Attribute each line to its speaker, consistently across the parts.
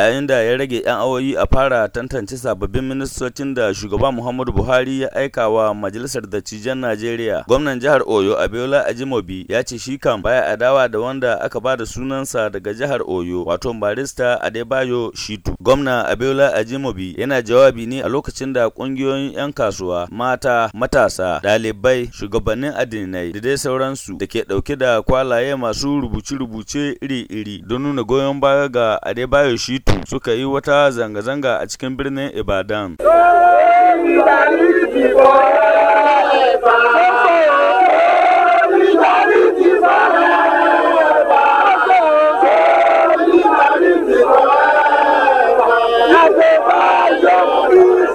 Speaker 1: yayin da ya rage 'yan awoyi a fara tantance sababbin ministocin da shugaban Muhammadu Buhari ya aika wa Majalisar Dattijan Najeriya. Gwamnan jihar Oyo Abiola Ajimobi ya ce shi kam. baya adawa da wanda aka ba da sunansa daga jihar Oyo wato barista Adebayo Shitu. Gwamna Abiola Ajimobi yana jawabi ne a lokacin da kungiyoyin 'yan kasuwa, mata, matasa, ɗalibai, shugabannin addinai da dai sauransu da ke ɗauke da kwalaye masu rubuce-rubuce iri-iri don nuna goyon baya ga Adebayo Shitu. suka yi wata zanga-zanga a cikin birnin Ibadan.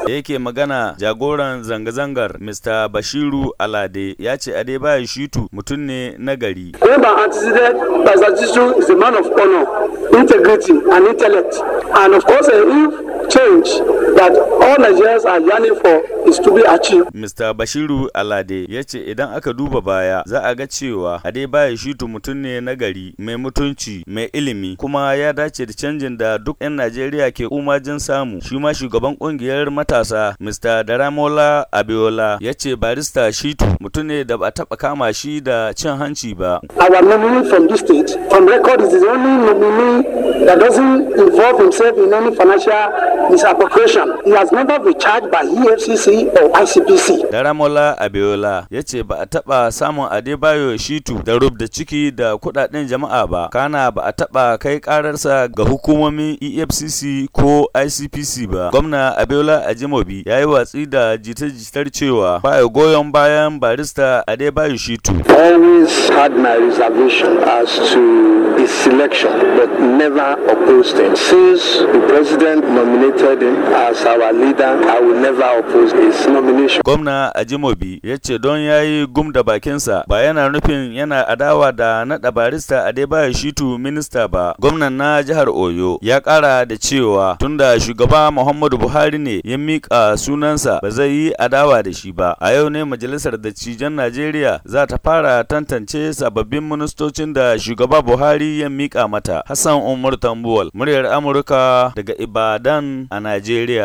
Speaker 1: da yake magana jagoran zanga-zangar Mr. Bashiru Alade ya ce Adebayo Shitu mutum ne na gari. Remember antecedent Bashiru is a man of honor, integrity and intellect and of course if change that all Nigerians are yearning for is to be achieved. Mr. Bashiru Alade ya ce idan aka duba baya za a ga cewa Adebayo Shitu mutum ne na gari mai mutunci mai ilimi kuma ya dace da canjin da duk 'yan Najeriya ke umajin samu. Shi ma shugaban kungiyar matasa Mr. Daramola Abiola ya ce barista Shitu mutum ne da ba taba kama shi da cin hanci ba. Our nominee from this state from record is the only nominee that doesn't involve himself in any financial misappropriation. He has never been charged by EFCC or ICPC. Daramola Abiola ya ce ba a taɓa samun Adebayo Shitu da da ciki da kuɗaɗen jama'a ba, kana ba a taɓa kai ƙararsa ga hukumomin EFCC ko ICPC ba. Gwamna Abiola Ajimobi ya yi watsi da jita-jitar cewa ba a goyon bayan barista Adebayo Shitu. Always had my reservation as to his selection, but never opposed him. Since the president nominated him as as our leader, I will never oppose his nomination. Gwamna Ajimobi ya ce don ya yi gum da bakinsa ba yana nufin yana adawa da naɗa barista Adebayo Shitu minista ba. Gwamnan na jihar Oyo ya ƙara da cewa tunda shugaba Muhammadu Buhari ne ya miƙa sunansa ba zai yi adawa da shi ba. A yau ne majalisar dattijan Najeriya za ta fara tantance sababbin ministocin da shugaba Buhari ya miƙa mata. Hassan Umar Tambuwal, muryar Amurka daga Ibadan a Najeriya.